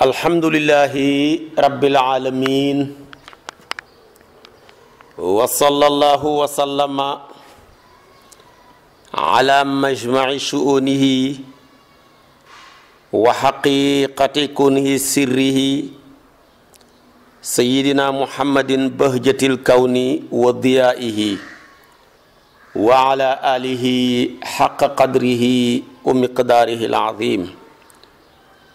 alhamdulillahi rabbil alamin wa sallallahu wa sallama ala majmaci shu'unihi wa xaqiqati kunhi sirrihi sayyidina muhammadin bahjatil kawni wa diyaa'ihi wa ala alihi xaqa qadrihi wa miqdaarihi al-aziim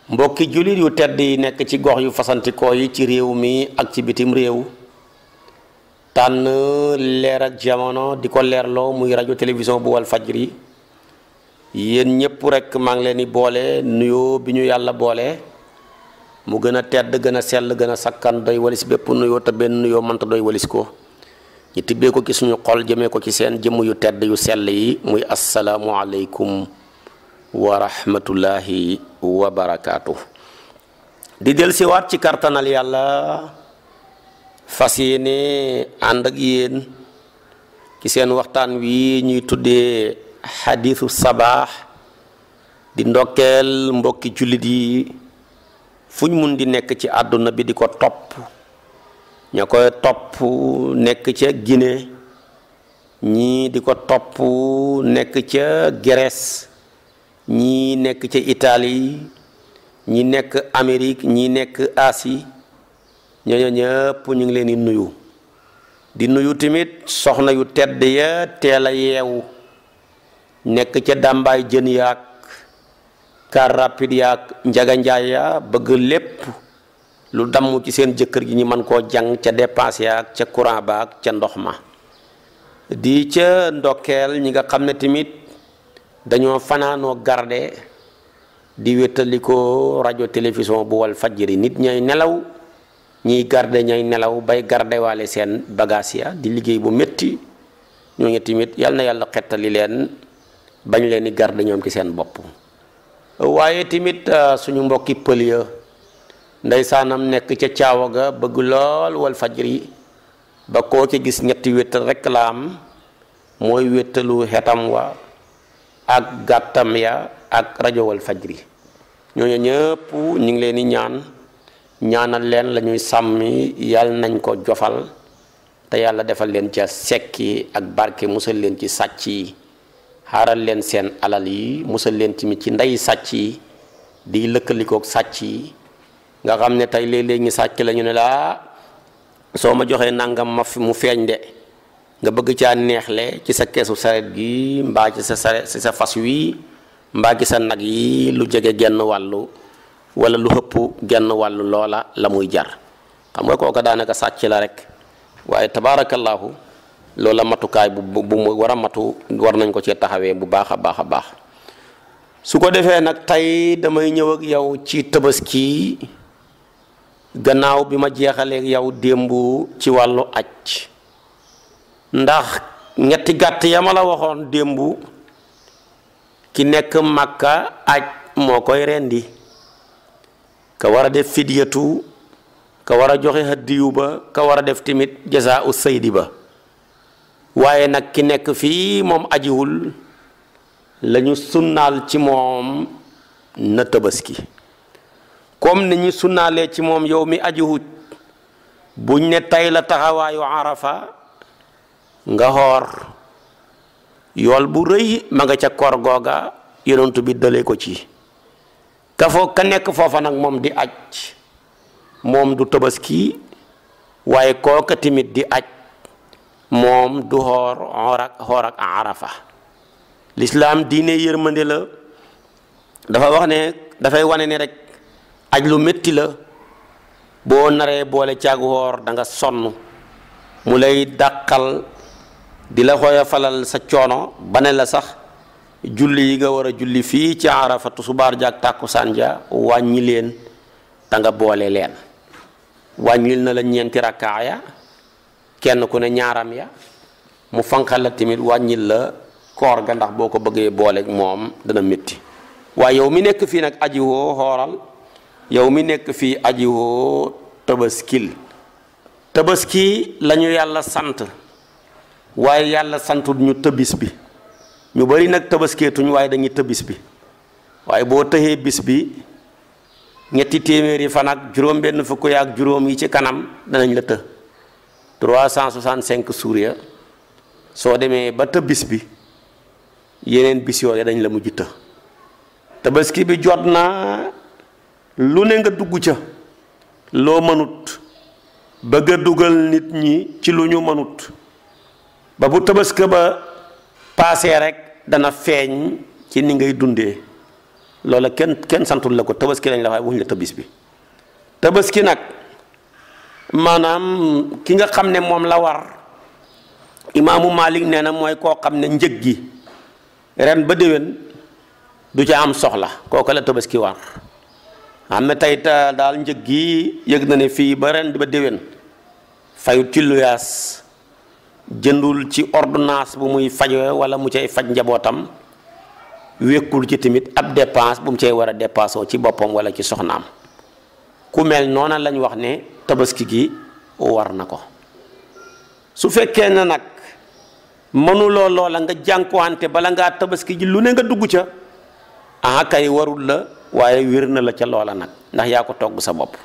mbokki jullit yu tedd yi nekk ci gox yu fasantikoo yi ci réew mi ak ci bitim réew tànn leer jamono di ko leerloo muy rajo télévision bu wal fajri yéen ñëpp rek maa ngi leen di boole nuyoo bi ñu yàlla boole mu gën a tedd gën a sell gën a sakkan doy walis bépp nuyoo te benn nuyoo mënta doy walis ko ñu tibbee ko ci suñu xol jëmee ko ci seen jëmm yu tedd yu sell yi muy asalaamualeykum wa rahmatullahi wa barakaatu di del ci kartanal yàlla fas yéene ànd ak yéen ci seen waxtaan wi ñuy tuddee xadiisu sabaax di ndokkeel mbokki jullit yi fu ñu mun di nekk ci àdduna bi di ko topp ña koy topp nekk ca Guinée ñii di ko topp nekk ca Grèce ñii nekk ci Italie ñi nekk Amérique ñi nekk Asie ñooñu ñëpp ñu ngi leen di nuyu di nuyu tamit soxna yu tedd ya teel yeewu nekk ca dàmbaay jën yaag car rapide yaag njaga njaay ya bëgg lépp lu damm ci seen jëkkër ji ñu mën koo jàng ca dépense ak ca courant baag ca ndox ma di ca ndokkeel ñi nga xam ne tamit dañoo fanaanoo garde di wéttalikoo rajo télévision bu wal fajri nit ñay nelaw ñiy garde ñay nelaw bay garde waale seen bagaas ya di liggéey bu métti ñooñu tamit yal na yàlla xettali leen bañ leen di garde ñoom ci seen bopp waaye tamit euh, suñu mbokki pël ya ndeysaanam nekk ca caawa ga bëgg lool wal fajri ba koo ci gis ñetti wéttal rekk la am mooy wéttalu xetam wa ak gàttam ya ak rajowal faj ri ñooñu ñëpp ñu ngi leen di ñaan ñaanal leen lañuy ñuy sàmmi yàlla nañ ko jofal te yàlla defal leen ca sekki ak barke musal leen ci sàcc yi xaaral leen seen alal yi musal leen tamit ci ndey sàcc yi di lëkkalikoog sàcc yi nga xam ne tey léeg-léeg ñu sàcc lañu ñu ne laa soo ma joxee nangam ma mu feeñ de nga bëgg caa neexle ci sa keesu saret gi mbaa ci sa saret ci sa fas wi mbaa ci sa nag yi lu jege genn wàllu wala lu hëpp genn wàllu loola la muy jar xam nga koo ko daanaka sàcc la rek waaye tabaarakallaahu loola matukaay bu bu mu war a matu war nañ ko cee taxawee bu baax a baax a baax su ko defee nag tey damay ñëw ak yow ci tabaski gannaaw bi ma jeexaleek yow démb ci wàllu aj ndax ñetti gàtt yama la waxoon démb ki nekk màkka aj moo koy rendi ka war a def fidyatu ka war a joxe hadiyu ba ka war a def tamit jasaa u saydi ba waaye nag ki nekk fii moom ajiwul lañu sunnaal ci moom na tabaski comme ni ñu sunnaalee ci moom yow mi ajiwut buñ ne tey la taxawaayu arafa nga xoor yool bu rëy ma ca koor googa yonent bi dale ko ci ka foo ka nekk foofa nag moom di aj moom du tabaski waaye kooka tamit di aj moom du xoor xoor ak xoor ak lislaam diine yërmande la dafa wax ne dafay wane ni rekk aj lu metti la boo naree boole caag woor danga sonn mu lay dàqal di la xoyofalal sa coono ba ne la sax julli yi nga war a julli fii ci Arafa tusubaar ja ak tàkkusaan ja wàññi leen te boole leen wàññil na la ñeenti rakkaa ya kenn ku ne ñaaram ya mu fanqal la tamit wàññil la koor ga ndax boo ko bëggee booleeg moom dana metti waaye yow mi nekk fii nag aji woo xooral yow mi nekk fii aji woo tabaskil tabaski lañu yàlla sant waaye yàlla santul ñu tëbis bi ñu bari nag tëbaskeetuñ waaye dañuy tëbis bi waaye boo tëxee bis bi ñetti téeméeri fan ak juróom benn fukk ya ak juróom yi ci kanam danañ la të 365 suur ya soo demee ba të bi yeneen bis yooya dañ la mujj të tabaski bi jot na lu ne nga dugg ca loo mënut bëgg a dugal nit ñi ci lu ñu mënut ba bu tabaska ba paasee rek dana feeñ ci ni ngay dundee loola kenn kenn santul la ko tabaski lañ la waaye wuñ la bi tabaski nag maanaam ki nga xam ne moom la war imaamu Malik nee na mooy koo xam ne njëg gi ren ba déwén du ca am soxla kooku la tabaski war am na tey daal njëg gi yëg na ne fii ba ren ba déwén fayut ci luyaas jëndul ci ordonnance bu muy fajoo wala mu cay faj njabootam wékkul ci tamit ab dépense bu mu cay war a dépassé ci boppam wala ci soxnaam ku mel noona lañ wax ne tabaski gi war na ko su fekkee na nag mënuloo loola nga jànkuwante bala ngaa tabaski ji lu ne nga dugg ca ah kay warul la waaye wér na la ca loola nag ndax yaa ko togg sa bopp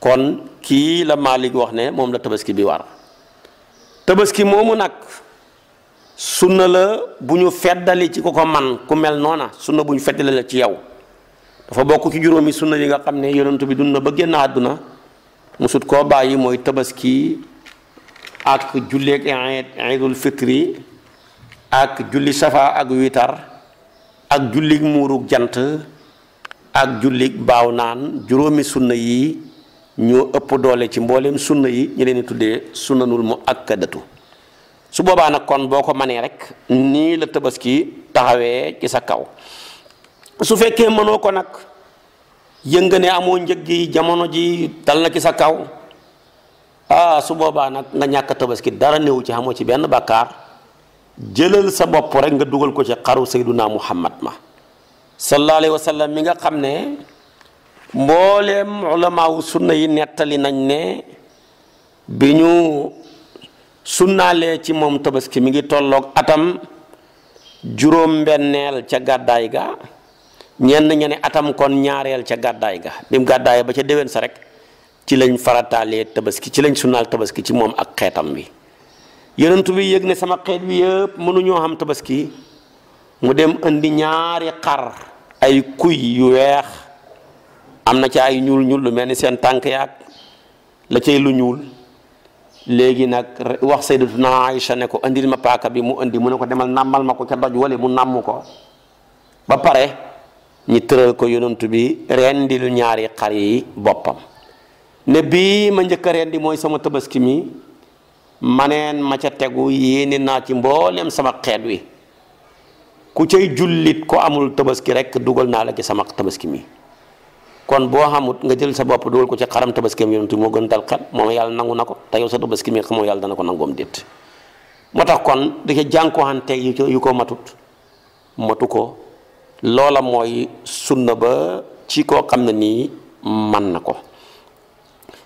kon kii la Malick wax ne moom la tabaski bi war tabaski moomu nag sunna la bu ñu feddali ci ku ko man ku mel noona sunna bu ñu feddali la ci yow dafa bokk ci juróomi sunna yi nga xam ne yonent bi dund na ba génn àdduna musut koo bàyyi mooy tabaski ak julleeg ak julli safa ak witar ak jullig muurug jant ak jullig baaw naan juróomi sunna yi ñoo ëpp doole ci mbooleem sunna yi ñu leen di tuddee sunnanul mu akkadatu su boobaa nag kon boo ko manee rek nii la tabaski taxawee ci sa kaw su fekkee mënoo ko nag yënga ne amoo njëg gi jamono ji dal na ci sa kaw ah su boobaa nag nga ñàkk tabaski dara néew ci amoo ci benn bakkaar jëlal sa bopp rek nga dugal ko ci xaru sayduna muhammad ma sallallahu alayhi wa nga xam ne mbooleem ulamaawu sunna yi nettali nañ ne bi ñu sunnaalee ci moom tabaski mu ngi tolloog atam juróom-benneel ca gàddaay ga ñenn ña ne atam kon ñaareel ca gàddaay ga bim gàddaay ba ca déwén sa rek ci lañ farataalee tabaski ci lañ sunnaal tabaski ci moom ak xeetam bi yonentu bi yëg ne sama xeet bi yëpp mënuñoo xam tabaski mu dem indi ñaari xar ay kuy yu weex am na ci ay ñuul ñuul lu mel ni seen tànk yaag la cay lu ñuul léegi nag wax sayyidatuna Aïcha ne ko andil ma paaka bi mu indi mu ne ko demal nammal ma ko ca doj wale mu nàmm ko ba pare ñi tëral ko yonent bi rendi ñaari xar yi boppam ne bi ma njëkk a rendi mooy sama tabaski mi maneen ma ca tegu yéene naat yi mbooleem sama xeet wi ku cay jullit ko amul tabaski rek dugal naa la ci sama tabaski mi kon boo xamut nga jël sa bopp dugal ko ci xaram tabaskeem yonent moo gën dal xel moom yàlla nangu na ko te yow sa tabaski mi xamoo yàlla dana ko nangoom déet moo tax kon da ca jànkuwante yu ko yu ko matut ko loola mooy sunna ba ci koo xam na nii man na ko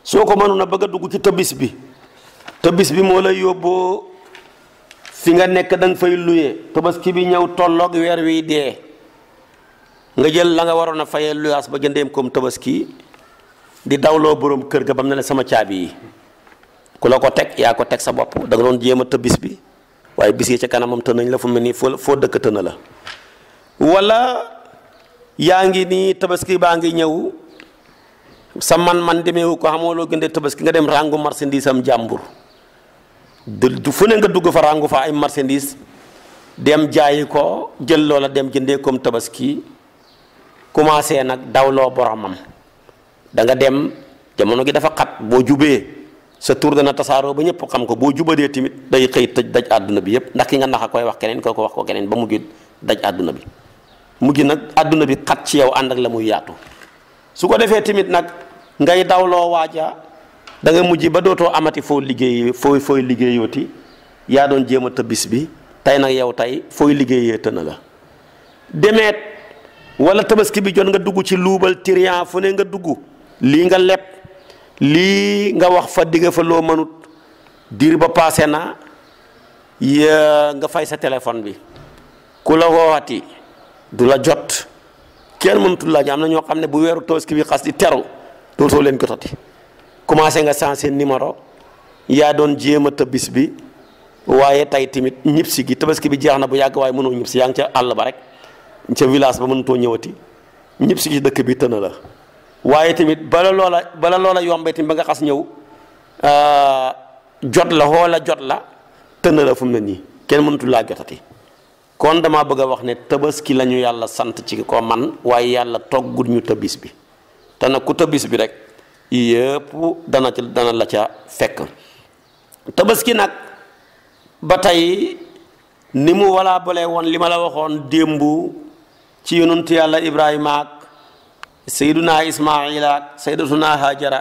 soo ko mënoon na bëgg a dugg ci tëbis bi tëbis bi moo lay yóbboo fi nga nekk da nga fay luye tabaski bi ñëw tolloog weer wi dee nga jël la nga waroon a fayee luyaas ba jëndeem koom tabaski di dawloo boroom kër ga ba mu ne la sama caabi yi ku la ko teg yaa ko teg sa bopp da nga doon jéem a tëb bi waaye bis yi ca kanamam të nañ la fu mel nii foo foo dëkk tëna la wala yaa ngi nii tabaski baa ngi ñëw sa man-man demeewu ko xamoo loo gënde tabaski nga dem rangu marchandise am jàmbur du fu ne nga dugg fa ràngu fa ay marchandise dem jaayi ko jël loola dem jëndee comme tabaski commencé nag dawloo boromam da nga dem jamono gi dafa xat boo jubee sa tur dana tasaaroo ba ñëpp xam ko boo jubadee tamit day xëy tëj daj àdduna bi yëpp ndax ki nga nax a koy wax keneen koo ko wax ko keneen ba mujj daj àdduna bi mujj nag àdduna bi xat ci yow ànd ak la muy yaatu su ko defee tamit nag ngay dawloo waaja da nga mujj ba dootoo amati foo liggéey foo fooy liggéeyooti yaa doon jéem a tëbbis bi tey nag yow tey fooy liggéeyee tën na la demeet wala tabaski bi jot nga dugg ci luubal tiriyan fu ne nga dugg lii nga leb lii nga wax fa digga fa loo mënut diir ba passé na nga fay sa téléphone bi ku la woowati du la jot kenn mënutul laa am na ñoo xam ne bu weeru tabaski bi xas di teru dootoo leen jotati commencé nga sensé numéro yaa doon jéem a tëbbis bi waaye tey tamit ñibbisi gi tabaski bi jeex na bu yàgg waaye mënoo ñibbisi yaa ngi ca àll ba rek ca village ba mënatoo ñëwati ñëpp si ci dëkk bi tëna la waaye tamit bala loola bala loola yombee tamit ba nga xas ñëw euh, jot la xoola jot la tëna la fu mu ne nii kenn mënatu laa jotati kon dama bëgg a wax ne tabaski la yàlla sant ci ko man waaye yàlla toggul ñu tabis bi te nag ku tabis bi rek yëpp dana ci dana la ca fekk tabaski nag ba tey ni mu walaa balee woon li ma la waxoon démb ci yonantu yàlla ibrahima ak sayduna ismaila ak saydatuna hajara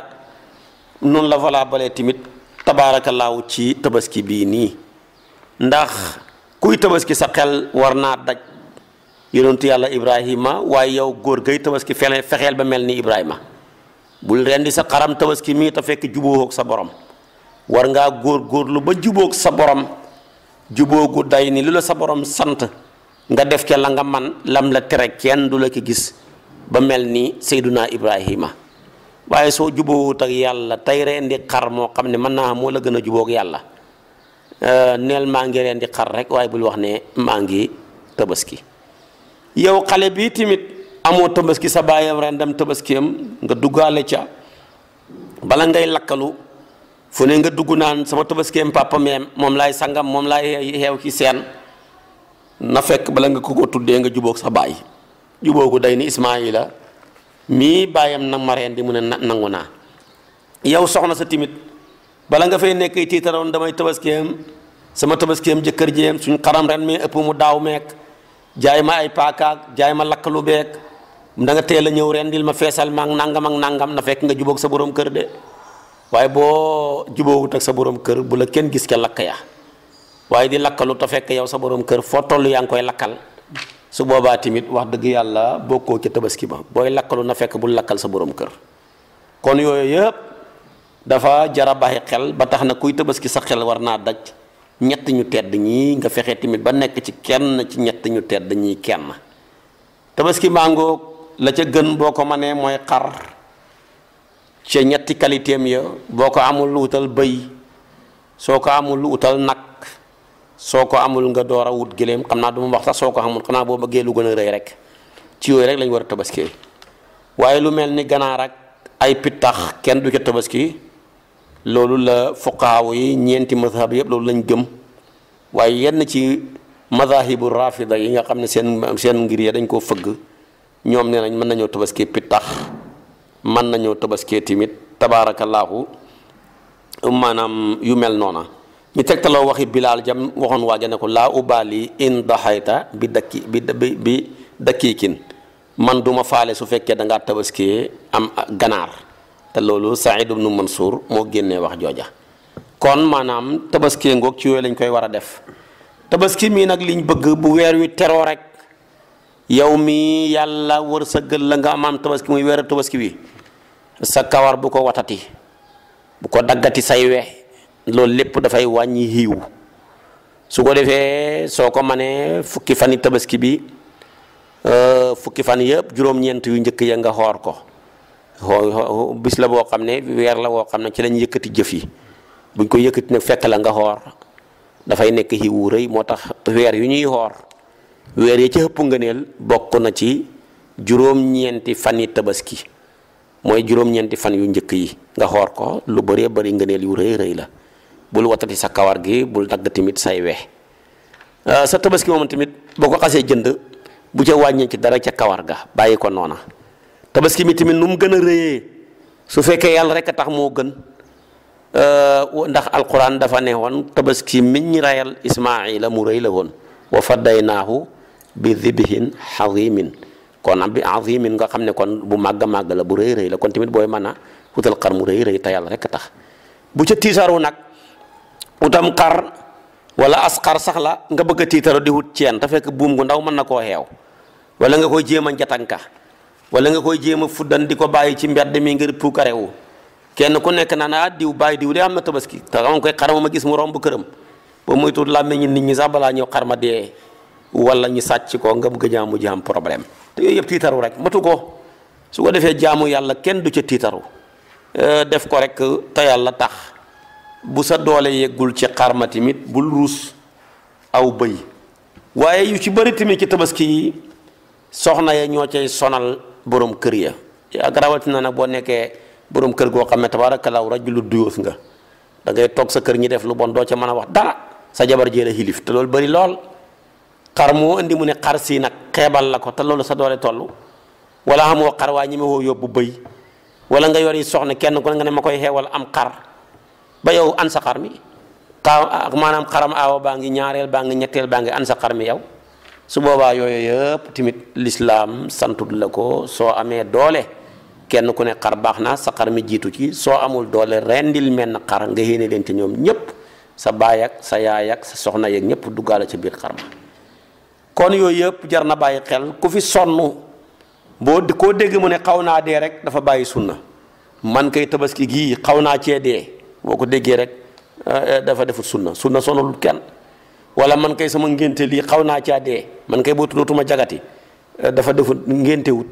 noonu la valaa balee tamit tabaarakallaahu ci tabaski bii nii ndax kuy tabaski sa xel war naa daj yonantu yàlla ibrahima waaye yow góor gay tabaski fele fexeel ba mel ni ibrahima bul rendi sa xaram tabaski mii te fekk jubóowoog sa borom war ngaa góor góor lu ba jubóog sa borom jubóogu day ni lu la sa borom sant nga def ca la nga man lam la tere kenn du la ki gis ba mel ni Seyduna Ibrahima waaye soo jubóowut ak yàlla tey rendi xar moo xam ne mën naa moo la gën a jubóog yàlla euh, neel maa ngi rendi xar rek waaye bul wax ne maa ngi tabaski yow xale bi tamit amoo tabaski sa baayam ren dem tabaskiyam nga duggaale ca bala ngay lakkalu fu ne nga dugg naan sama tabaskiyam papa meem moom laay sangam moom laay xeew ci seen na fekk bala nga ko ko tuddee nga jubóog sa baay jubóo gu day ni Ismaayila mii baayam na ma reen di mu ne nangu naa yow soxna sa timit bala nga fay nekk tiitaroon damay tabaskiyam sama tabaskeem jëkkër jéem suñ xaram ren mi ëpp mu daaw meek jaay ma ay paakaak jaay ma lakkalu beek da nga teel a ñëw ren dil ma feesal maag nangam ak nangam na fekk nga juboog sa borom kër de waaye boo jubóowut ak sa borom kër bu la kenn gis ca lakk ya waaye di lakkalu te fekk yow sa borom kër foo toll yaa ngi koy lakkal su boobaa tamit wax dëgg yàlla bokkoo ca tabaski ba booy lakkalu na fekk bul lakkal sa borom kër kon yooyu yëpp dafa jara bàyyi xel ba tax na kuy tabaski sa xel war naa daj ñett ñu tedd ñii nga fexe tamit ba nekk ci kenn ci ñett ñu tedd ñii kenn tabaski màngoog la ca gën boo ko mënee mooy xar ca ñetti qualité ya boo ko amul wutal bëy soo ko amul wutal nag soo ko amul nga door a wut gëléem xam naa du ma wax sax soo ko amul xanaa boo bëggee lu gën a rëy rek ci yooyu rek lañ war a tabaski waaye lu mel ni ganaar ak ay pittax kenn du ca tabaski loolu la fuqaaw yi ñeenti mazhab yëpp loolu lañ gëm waaye yenn ci mazahibu rafida yi nga xam ne seen ngir ya dañ koo fëgg ñoom nee nañ mën nañoo tabaski pittax mën nañoo tabaski tamit tabaarakallaahu maanaam yu mel noona ñu tegtaloo waxi bilaal jam waxoon waaja ne ko laa ubaali in daxayta bi dakki bi bi bi dakkiikin man duma faale su fekkee da ngaa tabaskiyee am ganaar te loolu Saïd ibnu Mansour moo génnee wax jooja kon maanaam tabaskiyee ngoog ci yooyu lañ koy war a def tabaski mii nag liñ bëgg bu weer wi teroo rek yow mii yàlla wërsëgal la nga amaam tabaski muy weeru tabaski wi sa kawar bu ko watati bu ko daggati say we loolu lépp dafay wàññi xiiw su ko defee soo ko manee fukki fani tabaski bi euh, fukki fan yëpp juróom-ñeent yu njëkk ya nga xoor ko bis la boo xam ne weer la boo xam ne ci lañ yëkkati jëf yi buñ ko yëkkati nag fekk nga xoor dafay nekk xiiw rëy moo tax weer yu ñuy xoor weer yi ci ëpp ngëneel na ci juróom-ñeenti fan tabaski mooy juróom fan yu njëkk yi nga xoor ko lu bëree bëri ngëneel yu rëy rëy la bul watati sa kawar gi bul dagg tamit say we euh, sa tabaski moom tamit boo ko xasee jënd bu ca wàññi ci dara ca kawar ga bàyyi ko noona tabaski mi tamit nu mu gën a rëyee su fekkee yàlla rek a tax moo gën euh, ndax alquran dafa ne woon tabaski miñ rayal ismaila mu rëy la woon wa faddaynaahu bi dibihin azimin kon am bi azimin nga xam ne kon bu màgg màgg la bu rëy rëy la kon tamit booy mën a wutal xar mu rëy rëy te yàlla rek a tax bu ca tiisaaru nag utam xar wala as xar sax la nga bëgg a tiitaro di wut ceen te fekk buum gu ndaw mën na koo xeew wala nga koy jéem a njatanka wala nga koy jéem a fuddan di ko bàyyi ci mbedd mi ngir puukarewu kenn ku nekk naa naa ah, diw bàyyi diw dee am na tabaski te xam koy xar ma gis mu romb këram ba muy tuut làmmeñu nit ñi sax balaa ñëw xar ma dee wala ñu sàcc ko nga bëgg a jaamu jaam problème te yooyu yëpp tiitaru rek matu ko su ko defee jaamu yàlla kenn du ca tiitaru eh, def ko rek te tax. bu sa doole yeggul ci xar ma tamit bul ruus aw bëy waaye yu ci bëri tamit ci tabaski yi soxna ya ñoo cay sonal boroom kër ya ak rawatina nag boo nekkee borom kër goo xam ne tabaarakallaahu rajulu duyoos nga dangay toog sa kër ñi def lu bon doo ca mën a wax dara sa jabar jee la xilif te loolu bari lool xar moo indi mu ne xar sii nag xeebal la ko te loolu sa doole toll wala xamoo xar waa ñi ma woo yóbbu bëy wala nga yor yi soxna kenn ku nga ne koy xeewal am xar ba yow an sa xar mi xaa maanaam xaram aawa baa ngi ñaareel baa ngi ñetteel baa ngi an sa xar mi yow su boobaa yooyu yëpp tamit lislaam santut la ko soo amee doole kenn ku ne xar baax na sa xar mi jiitu ci soo amul doole rendil menn xar nga yéene leen ci ñoom ñëpp sa baay ak sa yaay ak sa soxna yeeg ñëpp duggaale ci biir xar ma kon yooyu yëpp jar na bàyyi xel ku fi sonn boo koo dégg mu ne xaw naa dee rek dafa bàyyi sunna man kay tabaski gii xaw naa cee dee boo ko déggee rek ah, dafa defut sunna sunna sonalul kenn wala man kay sama ngénte lii xaw naa caa dee man kay boo dootuma jagati eh, dafa defut ngéntewut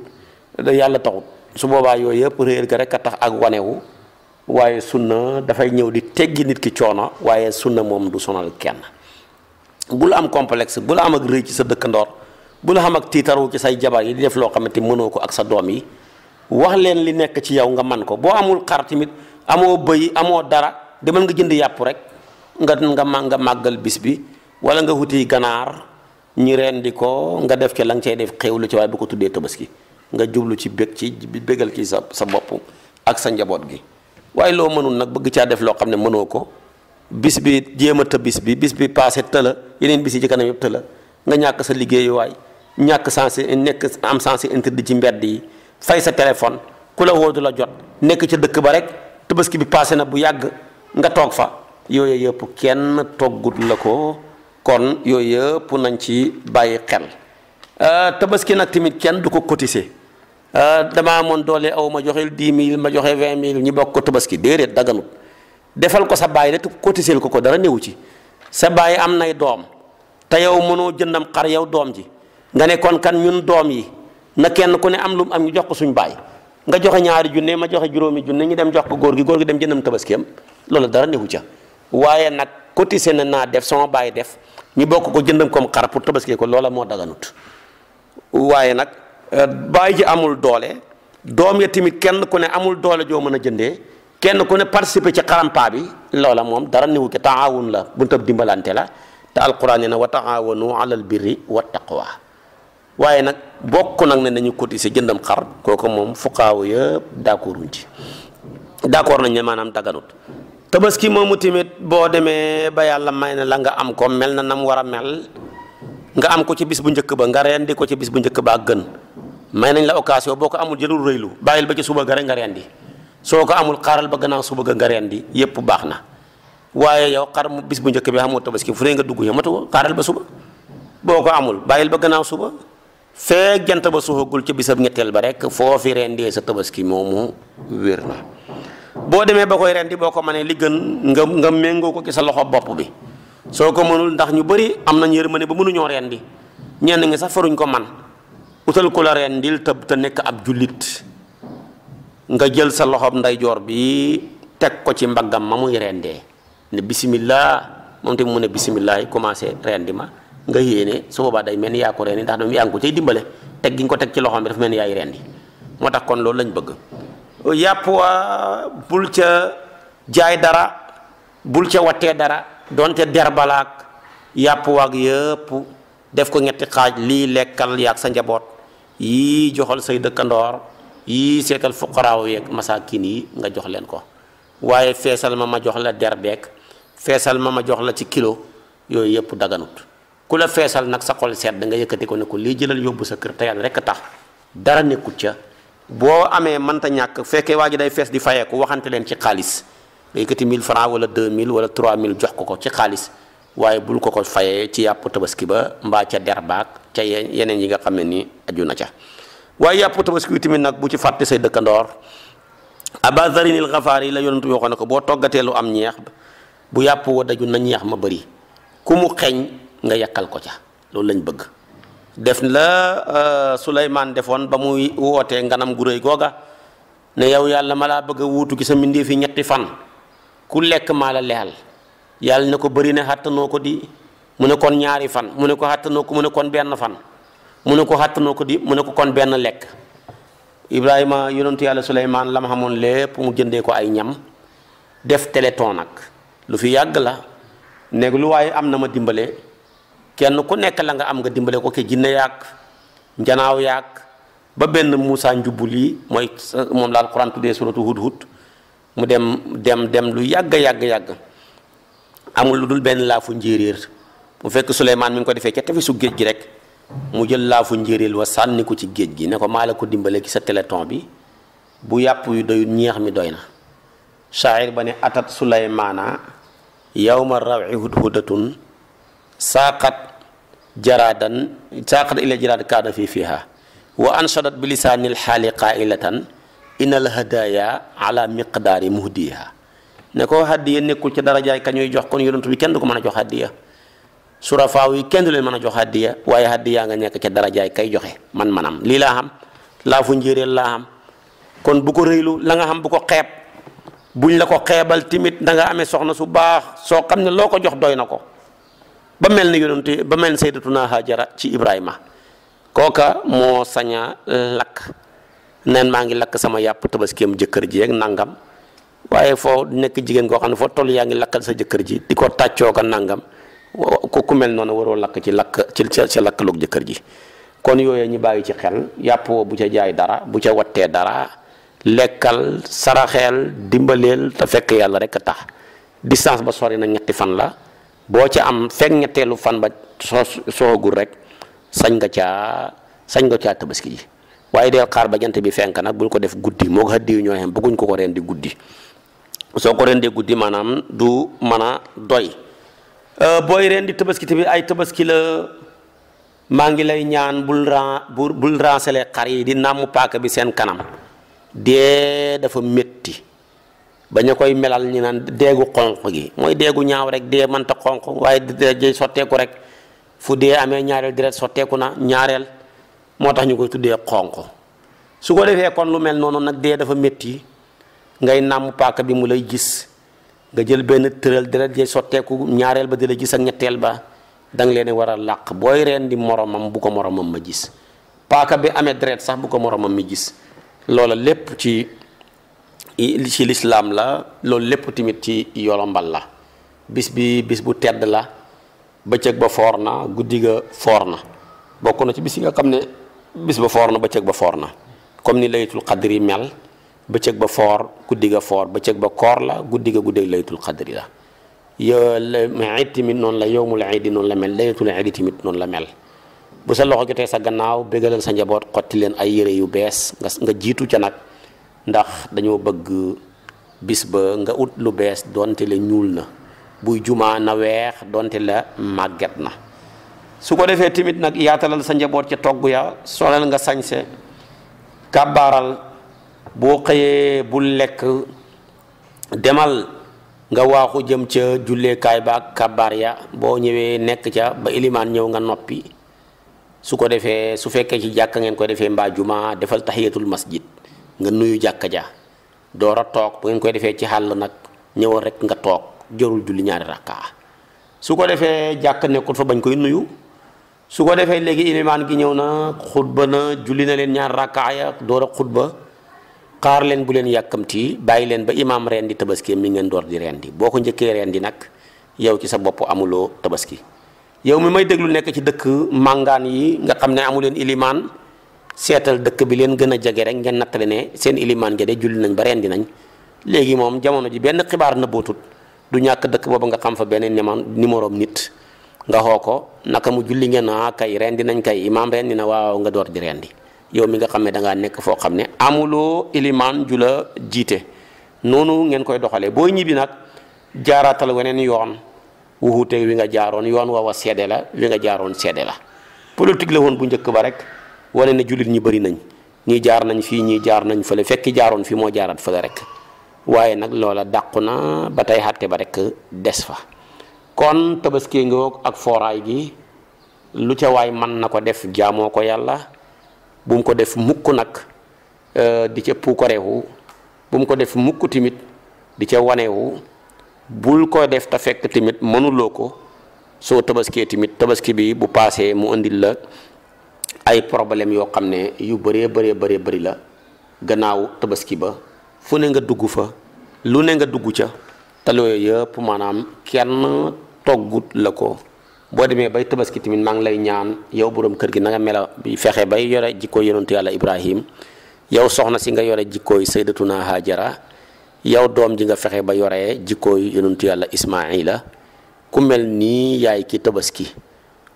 da yàlla taxut su boobaa yooyu yëpp réer ga rek a tax ak wanewu waaye sunna dafay ñëw di teggi nit ki coono waaye sunna moom du sonal kenn bul am complexe bul am ak rëy ci sa dëkkandoor bul xam ak tiitaru ci say jabar yi di def loo xamante mënoo ko ak sa doom yi wax leen li nekk ci yow nga man amoo bëy amoo dara demal nga jënd yàpp rek nga nga nga màggal bis bi wala nga wuti ganaar ñi di ko nga def ci la nga cay def xéewlu ci waaye bu ko tuddee tabaski nga jublu ci bég ci bégal ci sa sa bopp ak sa njaboot gi waaye loo mënul nag bëgg caa def loo xam ne mënoo ko bis bi jéem a tëb bis bi bis bi passé tëla yeneen bis yi ci kanam yëpp tëla nga ñàkk sa liggéeyuwaay ñàkk sensé nekk am sensé interdit ci mbedd yi fay sa téléphone ku la woo la jot nekk ca dëkk ba rek tabaski bi passé na bu yàgg nga toog fa yooyu yëpp kenn toggut la ko kon yooyu yëpp nañ ci bàyyi xel euh, tabaski nag tamit kenn du ko cotiser euh, damaa amoon doole aw ma joxe dix mille ma joxe vingt mille ñu bokk ko tabaski déedéet daganut defal ko sa baay rek cotiser ko ko dara néew ci sa baay am nay doom te yow mënoo jëndam xar yow doom ji nga ne kon kan ñun doom yi na kenn ku ne am lu am ñu jox ko suñu baay. nga joxe ñaari junne ma joxe juróomi junne ñu dem jox ko góor gi góor gi dem jëndam tabaskiyam loolu dara newu ca waaye nag cotisé na naa def sama bàyyi def ñu bokk ko jëndam comme xar pour tabaskiyee ko loola moo daganut waaye nag euh, bàyyi ji amul doole doom ya tamit kenn ku ne amul doole joo mën a jëndee kenn ku ne participer ci xarampa bi loola moom dara newu ca taawun la buntab dimbalante la te alquran ne na wa taawanu alal birri wa taqwa waaye nag bokk nag ne nañu cotiser jëndam xar kooku moom fuqaaw yëpp d'accord wuñ ci d'accord nañ ne maanaam daganut tabaski moomu tamit boo demee ba yàlla may na la nga am ko mel na nam war a mel nga am ko ci bis bu njëkk ba nga rendi ko ci bis bu njëkk ba ak nañ la occasion boo ko amul jëlul rëylu bàyyil ba ci suba ga rek nga rendi soo ko amul xaaral ba gannaaw suba ga nga rendi yépp baax na waaye yow xar mu bis bu njëkk bi xamoo tabaski fu ne nga dugg yamatu ko xaaral ba suba boo ko amul bàyyil ba gannaaw suba feeg jant ba soxagul ca bisab ñetteel ba rek foofi rendee sa tabaski moomu wér na boo demee ba koy rendi boo ko mënee li gën nga nga méngoo ko ci sa loxo bopp bi soo ko mënul ndax ñu bëri am nañ ne ba mënuñoo rendi ñenn ngi sax faruñ ko man utal ko la rendil te te nekk ab jullit nga jël sa loxob ndeyjoor bi teg ko ci mbaggam ma muy rendee ne bisimilah moom tamit mu ne bisimilah commencé rendi ma nga yéene su boobaa day mel ni yaa ko rendi ndax dam yaa ngi ko cay dimbale teg gi nga ko teg ci loxoom bi dafa mel ni yaay rendi moo tax kon loolu lañu bëgg yàpp wa bul ca jaay dara bul ca wattee dara donte der balaak yàpp waag yëpp def ko ñetti xaaj lii lekkal ak sa njaboot yii joxal say dëkkandoor yii seetal fuqaraaw yeeg masaakin yi nga jox leen ko waaye feesal ma ma jox la der beek feesal ma ma jox la ci kilo yooyu yëpp daganut ku la feesal nag sa xol sedd nga yëkkati ko ne ko lii jëlal yóbbu sa kër te yàlla rek tax dara nekkut ca boo amee mënta ñàkk fekkee waa ji day fees di fayeeku waxante leen ci xaalis nga yëkkati 1000 francs wala 2000 wala 3000 jox ko ko ci xaalis waaye bul ko ko fayee ci yàpp tabaski ba mbaa ca derbaak ca yeneen yi nga xam ne ni aju na ca waaye yàpp tabaski tamit nag bu ci fàtte say dëkkandoor Abaa Zarin al yi la yonent bi waxoon ne ko boo toggatee lu am ñeex bu yàpp wa daju na ñeex ma bëri nga yàqal ko ca loolu lañ bëgg def la euh, Souleymane defoon ba muy wootee nganam gu rëy googa ne yow yàlla ma laa bëgg a wuutu gi sa mbindéef fi ñetti fan ku lekk maa la leyal yàlla ne ko bari na xàttanoo ko di mu ne kon ñaari fan mu ne ko xàttanoo ko mu ne benn fan mu ne ko xàttanoo ko di mu ne ko kon benn lekk Ibrahima yonentu yàlla Souleymane la ma xamoon lépp mu jëndee ko ay ñam def téléthon nag lu fi yàgg la nekk lu waaye am na ma dimbale kenn ku nekk la nga am nga dimbale ko ki jinne yàq njanaaw yàq ba benn Moussa njubbu lii mooy moom laal Quran tuddee suratu hudhud mu dem dem dem lu yàgg yàgg yàgg amul lu dul benn laafu njéeréer mu fekk Suleymaan mi ngi ko defee ca tefesu géej gi rek mu jël laafu njéeréer wa sànni ko ci géej gi ne ko maa la ko dimbale ci sa téléthon bi bu yàpp yu doyul ñeex mi doy na shaayir ba ne atat Suleymaana yawma rawi hudhudatun saaqat jaraadan saaqat ila jaraad kaada fi fiha wa anshadat bi lisaani alxaali qailatan ina al hadaya ala miqdaari muhdiha ne ko hadiya nekkul ci darajaay ka ñuy jox kon yonent bi kenn du ko mën a jox hadiya surafaaw kenn du leen mën a jox hadiya waaye hadiya nga nekk ca darajaay kay joxe man manam lii laa xam laa fu njéeréel laa xam kon bu ko rëylu la nga xam bu ko xeeb buñ la ko xeebal timit da nga amee soxna su baax soo xam ne loo ko jox doy na ko ba mel na yonente ba mel ni sayyidatuna Hajara ci Ibrahima kooka moo saña lakk neen maa ngi lakk sama yàpp tabaskeem jëkkër ji ak nangam waaye foo nekk jigéen koo xam ne foo toll yaa ngi lakkal sa jëkkër ji di ko tàccoo ka nangam ku ku mel noonu waroo lakk ci lakk ci sa lakkalug jëkkër ji kon yooyu ñu bàyyi ci xel yàpp woo bu ca jaay dara bu ca wattee dara lekkal saraxeel dimbaleel te fekk yàlla rek a tax distance ba sori na ñetti fan la boo ca am fekk ñetteelu fan ba soo soogul rek sañ nga caa sañ nga caa tabaski ji waaye deel xaar ba jant bi fenk nag bul ko def guddi moo ko xaddi ñoo xam bëgguñ ko ko rendi guddi soo ko rendee guddi maanaam du mën a doy euh, booy rendi tabaski tamit ay tabaski la maa ngi lay ñaan bul ran bul rancelee xar yi di nàmm paaka bi seen kanam dee dafa metti ba ñu koy melal ñu naan deegu xonq gi mooy deegu ñaaw rek dee manta xonq waaye de ji sotteeku rek fu dee amee ñaareel deret sotteeku na ñaareel moo tax ñu koy tuddee xonq su ko defee kon lu mel noonu nag dee dafa métti ngay nàmm paaka bi mu lay gis nga jël benn tëral deret ji sotteeku ñaareel ba di la gis ak ñetteel ba danga leen war a làq booy reen di moromam bu ko moromam ma gis paaka bi amee deret sax bu ko moromam mi gis loola lépp ci. ci lislaam la loolu lépp tamit ci yolombal la bis bi bis bu tedd la bëccëg ba foor na guddi ga foor na bokk na ci bis yi nga xam ne bis ba foor na bëccëg ba foor na comme ni laytul xadri mel bëccëg ba foor guddi ga foor bëccëg ba koor la guddi ga guddi laytul xadri la yow it tamit noonu la yowmul iidi noonu la mel laylatul iidi tamit noonu la mel bu sa loxo jotee sa gannaaw bégalal sa njaboot xotti leen ay yére yu bees nga nga jiitu ca nag ndax dañoo bëgg bis ba nga ut lu bees donte la ñuul na buy jumaa na weex donte la màgget na su ko defee tamit nag yaatalal sa njaboot ca togg ya solal nga sañse kàbbaaral boo xëyee bul lekk demal nga waaxu jëm ca julleekaay ba ak kabaar ya boo ñëwee nekk ca ba ilimaan ñëw nga noppi su ko defee su fekkee ci jàkka ngeen ko defee mbaa juma defal tahiyatul masjid nga nuyu jàkka ja door a toog bu ngeen koy defee ci xàll nag ñëwal rek nga toog jarul julli ñaari rakkaa su ko defee jàkk nekkul fa bañ koy nuyu su ko defee léegi ilimaan gi ñëw na xutba na julli na leen ñaar rakkaa ya door a xutba xaar leen bu leen yàkkamti bàyyi leen ba imaam reen di tabaski mi ngeen door di reen di boo ko njëkkee reen di nag yow ci sa bopp amuloo tabaski yow mi may déglu nekk ci dëkk màngaan yi nga xam ne amuleen ilimaan seetal dëkk bi leen gën a jege rek ngeen nattale ne seen ilimaan ja de julli nañ ba rendi nañ léegi moom jamono ji benn xibaar nëbbootut du ñàkk dëkk boobu nga xam fa benn niman numérom nit nga xoo ko naka mu julli ngeen ah kay rendi nañ kay imaam rendi na waaw nga door di rendi yow mi nga xam ne da nekk foo xam ne amuloo ilimaan jula jiite noonu ngeen koy doxalee booy ñibbi nag jaaraatal weneen yoon wuxuute wi nga jaaroon yoon wa wa seede la wi nga jaaroon seede la politique la woon bu njëkk ba rek wane ne jullit ñi bëri nañ ñii jaar nañ fii ñii jaar nañ fële fekki jaaroon fi moo jaaraat fële rek waaye nag loola dàqu na ba tey xàtte ba rek des fa kon tabaski ngoog ak fooraay gi lu ca waay mën na ko def jaamoo ko yàlla bu mu ko def mukk nag euh, di ca puukareewu bu mu ko def mukk tamit di ca waneewu bul ko def te fekk tamit mënuloo ko soo tabaskee tamit tabaski bi bu paasee mu indil la ay problème yoo xam ne yu bëree bëree bëree bëri la gannaaw tabaski ba fu ne nga dugg fa lu ne nga dugg ca te loolu yëpp maanaam kenn toggut la ko boo demee bay tabaski tamit maa lay ñaan yow boroom kër gi nanga nga mela fexe bay yore jikkooy yonentu yàlla Ibrahim yow soxna si nga yore jikkooy saydatuna Hajara yow doom ji nga fexe ba yore jikkooy yonentu yàlla Ismaila ku mel nii yaay ki tabaski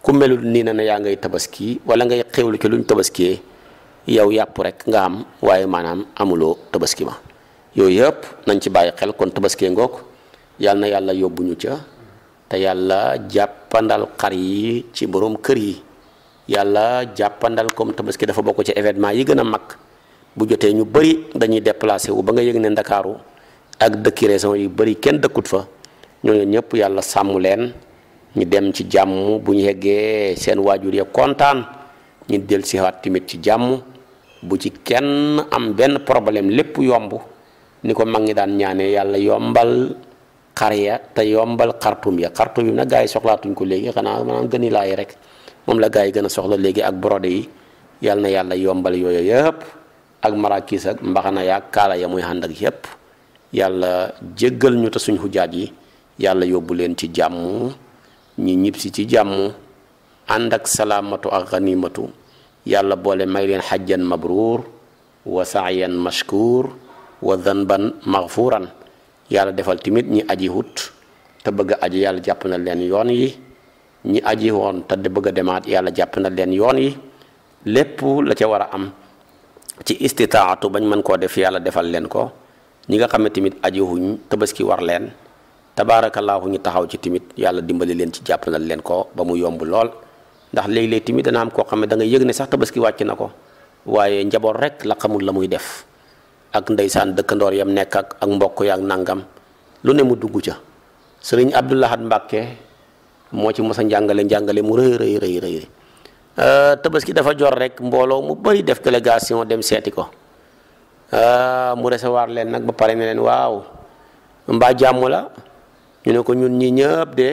ku melul nii na ne yaa ngay tabaski wala ngay xewlu lu ñu tabaskiyee yow yàpp rek nga am waaye maanaam amuloo tabaski ma yooyu yëpp nañ ci bàyyi xel kon tabaskiyee ngoog yàlla na yàlla yóbbuñu ca te yàlla jàppandal xar yi ci borom kër yi yàlla jàppandal comme tabaski dafa bokk ci événement yi gën a mag bu jotee ñu bëri dañuy déplacé wu ba nga yëg ne ndakaaru ak dëkki région yu bëri kenn dëkkut fa ñooñu ñëpp yàlla sàmm leen ñu dem ci jàmm bu ñu yeggee seen waajur ya kontaan ñu del si waat ci jàmm bu ci kenn am benn problème lépp yomb ni ko mag ñi daan ñaanee yàlla yombal xar ya te yombal xartum ya xartum yi nag gaa yi soxlaatuñ ko léegi xanaa maanaam gëni laay rek moom la gaa yi gën a soxla léegi ak borode yi yàlla na yàlla yombal yooyu yëpp ak marakis ak mbaxana ya ak kaala ya muy ànd ak yëpp yàlla jéggal ñu te suñ xujaat yi yàlla yóbbu leen ci jàmm ñi ñibbisi ci jàmm ànd ak salaamatu ak ganimatu yàlla boole may leen xajjan mabruur wa saayan mashkuur wa zanban maxfuuran yàlla defal tamit ñi aji wut te bëgg a aji yàlla jàpp na leen yoon yi ñi aji woon te bëgg demaat yàlla jàpp na leen yoon yi lépp la ca war a am ci istitaatu bañ mën koo def yàlla defal leen ko ñi nga xam ne tamit aji wuñ tabaski war leen tabaarakallaahu ñu taxaw ci timit yàlla dimbali leen ci jàppandal leen ko ba mu yomb lool ndax léeg-léeg timit dana am koo xam ne dangay yëg ne sax tabaski wàcc na ko waaye njaboot rek la xamul la muy def ak ndeysaan dëkkandoor yam nekk ak ak mbokk yaak nangam lu ne mu dugg ca sëriñ Abdou Lahad Mbàkke moo ci mos a njàngale njàngale mu rëy rëy rëy rëy euh, tabaski dafa jor rek mbooloo mu bëri def délégation dem seeti ko euh, mu recevoir leen nag ba pare ne leen waaw mbaa la ñu ne ko ñun ñi ñëpp de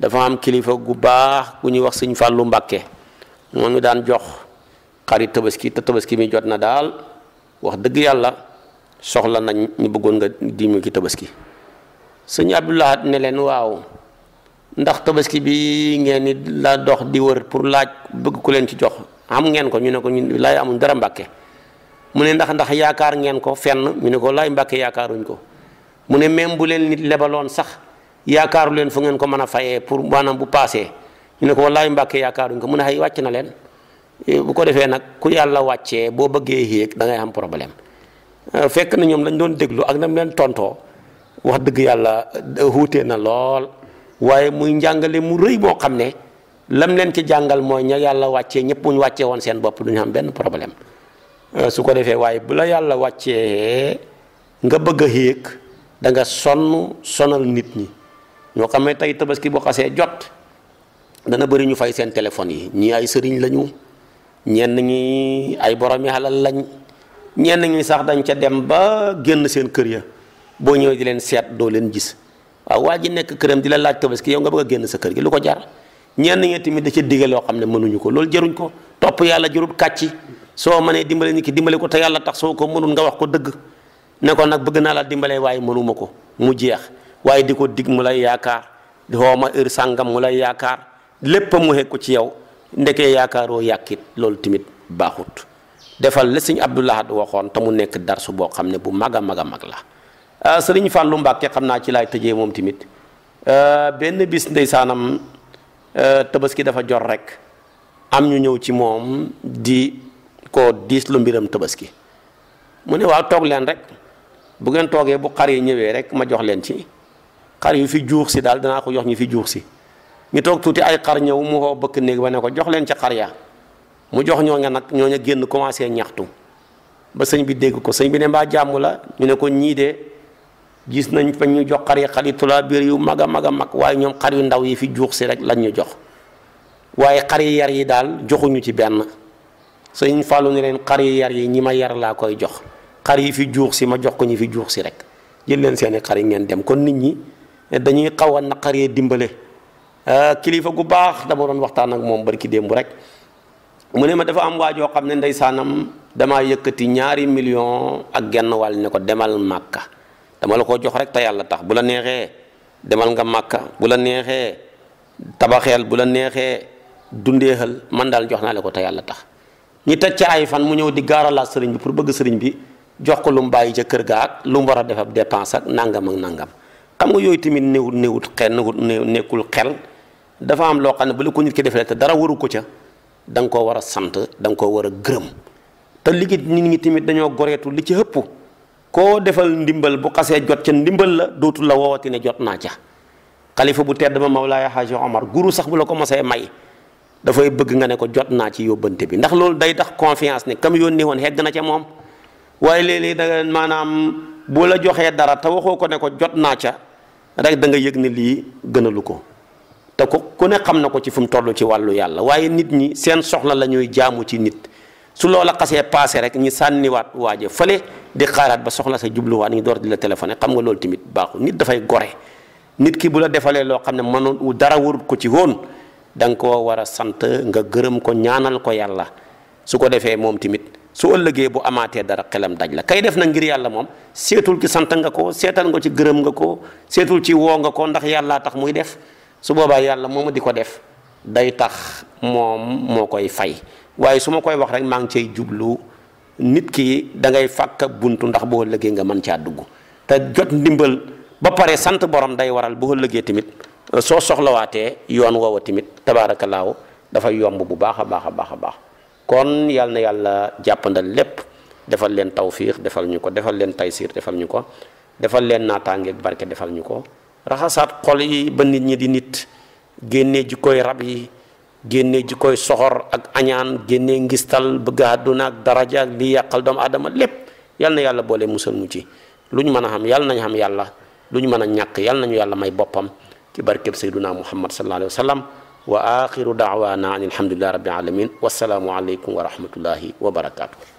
dafa am kilifa gu baax ku ñuy wax sëñ fàllu mbàkke moo ñu daan jox xarit tabaski te tabaski mi jot na daal wax dëgg yàlla soxla nañ ñu bëggoon nga dimbali ki tabaski sëñ abdulahat ne leen waaw ndax tabaski bi ngeen ni la dox di wër pour laaj bëgg ku leen ci jox am ngeen ko ñu ne ko ñun laay amuñ dara mbàkke mu ne ndax ndax yaakaar ngeen ko fenn ñu ne ko laay mbàkke yaakaaruñ ko mu ne même bu leen nit lebaloon sax yaakaaru leen fu ngeen ko mën a fayee pour maanaam bu paasee ñu ne ko wallaahi mbàkke yaakaaruñ ko mu ne xëy wàcc na leen eh, bu ko defee nag ku yàlla wàccee boo bëggee yéeg dangay ngay am problème eh, fekk na ñoom lañ doon déglu ak nam leen tontoo wax dëgg yàlla eh, wuutee na lool waaye muy njàngale mu rëy moo xam ne lam leen ci jàngal mooy ña yàlla wàccee ñëpp bu ñu wàccee woon seen bopp duñu am benn problème su ko defee waaye bu la yàlla wàccee nga bëgg a da nga sonn sonal nit ñi ñoo xam ne tey tabaski boo xasee jot dana bari ñu fay seen téléphone yi ñii ay sëriñ lañu ñenn ñi ay boromi xalal lañ ñenn ñi sax dañ ca dem ba génn seen kër ya boo ñëwee di leen seet doo leen gis waaw waa ji nekk këram di la laaj tabaski yow nga bëgg a génn sa kër gi lu ko jar ñenn ñi tamit da ca digge loo xam ne mënuñu ko loolu jaruñ ko topp yàlla jarut kàcci soo mënee dimbale nit ki dimbale ko te yàlla tax soo ko mënul nga wax ko dëgg. ne nag bëgg naa laa dimbalee waaye mënuma ko mu jeex waaye di ko digg mu lay yaakaar di xooma heure sàngam mu yaakaar lépp mu ko ci yow ndekee yaakaaroo yàkkit loolu tamit baaxut defal la sëñ Abdou Lahad waxoon te mu nekk darsu boo xam ne bu mag a mag a la ah, sëriñ Fallou Mbàkke xam naa ci laay tëjee moom tamit ah, benn bis ndeysaanam ah, tabaski dafa jot rek am ñu ñëw ci moom di ko diis lu mbiram tabaski mu ne waaw toog leen rek bu ngeen toogee bu xar yi ñëwee rek ma jox leen ci xar yu fi juux si daal danaa ko jox ñu fi juux si ñu toog tuuti ay xar ñëw mu ko bëkk néeg ba ne ko jox leen ci xar ya mu jox ñoo nga nag ñoo ña génn commencé ñaxtu ba sëñ bi dégg ko sëñ bi ne mbaa jàmm la ñu ne ko ñii de gis nañ fa ñu jox xar yi xar yi tulaa yu mag a mag a mag waaye ñoom xar yu ndaw yi fi juux si rek lañ ñu jox waaye xar yi yar yi daal joxuñu ci benn sëñ falu ne leen xar yi yar yi ñi ma yar laa koy jox xar yi fi juux si ma jox ko ñi fi juux si rek jël leen seeni xar yi ngeen dem kon nit ñi dañuy xaw a naqaree dimbale ah, kilifa gu baax dama doon waxtaan ak moom barki démb rek mu ne ma dafa am waa joo xam ne ndeysaanam dama yëkkati ñaari million ak genn wàll ne ko demal màkka dama la ko jox rek te yàlla tax bu la neexee demal nga màkka bu la neexee tabaxeel bu la neexee dundeexal man daal jox naa la ko te yàlla tax ñi teg ay fan mu ñëw di gaaralaat bi jox ko lu mu bàyyi ca kër ga ak lu mu war a def ab dépense ak nangam ak nangam xam nga yooyu tamit néewut néewut xel néewut nekkul xel dafa am loo xam ne bu la ko nit ki defee te dara waru ko ca da nga koo war a sant da koo war a gërëm te liggéey nit ñi tamit dañoo goreetu li ci ëpp koo defal ndimbal bu xasee jot ca ndimbal la dootul la woowati ne jot naa ca xalifa bu tedd ba Mawlaaya Xaaji Omar guru sax bu la ko mosee may dafay bëgg nga ne ko jot naa ci yóbbante bi ndax day tax confiance ne kam yónnee woon hegg ca moom. waaye léeg-léeg da maanaam boo la joxee dara te waxoo ko ne ko jot naa ca rek da nga yëg ne lii gënalu ko te ko ku ne xam na ko ci fu mu toll ci wàllu yàlla waaye nit ñi seen soxla la ñuy jaamu ci nit su loola xasee paase rek ñi sànniwaat waaje fale di xaaraat ba soxla sa jubluwaat ñi door di la téléphoné xam nga loolu tamit baaxu nit dafay gore nit ki bu la defalee loo xam ne mënoon dara warut ko ci woon da nga koo war a sant nga gërëm ko ñaanal ko yàlla su ko defee moom tamit. su ëllëgee bu amaatee dara xelam daj la kay def na ngir yàlla moom seetul ci sant nga ko seetal nga ci gërëm nga ko seetul ci woo nga ko ndax yàllaa tax muy def su boobaa yàlla moomu di ko def day tax moom moo koy fay waaye su ma koy wax rek maa ngi cay jublu nit ki da ngay fàkk buntu ndax boo ëllëgee nga mën caa dugg te jot ndimbal ba pare sant borom day waral boo ëllëgee tamit soo soxlawaatee yoon woow woowa tamit tabaarakallaahu dafay yomb bu baax a baax a baax a baax. kon yàlla na yàlla jàppandal lépp defal leen tawfiix defal ñu ko defal leen taysiir defal ñu ko defal leen naataangeeg barke defal ñu ko raxasaat xol yi ba nit ñi di nit génnee jikkoy rab yi génnee jikkoy soxor ak añaan génnee ngistal bëgg àdduna ak daraja ak li yàqal doomu adama lépp yal na yàlla boole musal mu ci lu ñu mën a xam yal nañ xam yàlla lu ñu mën a ñàkk yal nañu yàlla may boppam ci barkeb sayduna muhammad sallallahu alayhi wa sallam wa axiru daawaana an alhamdulillahi rabbil alamin wasalaamu aleykum wa rahmatullahi wa barakatuh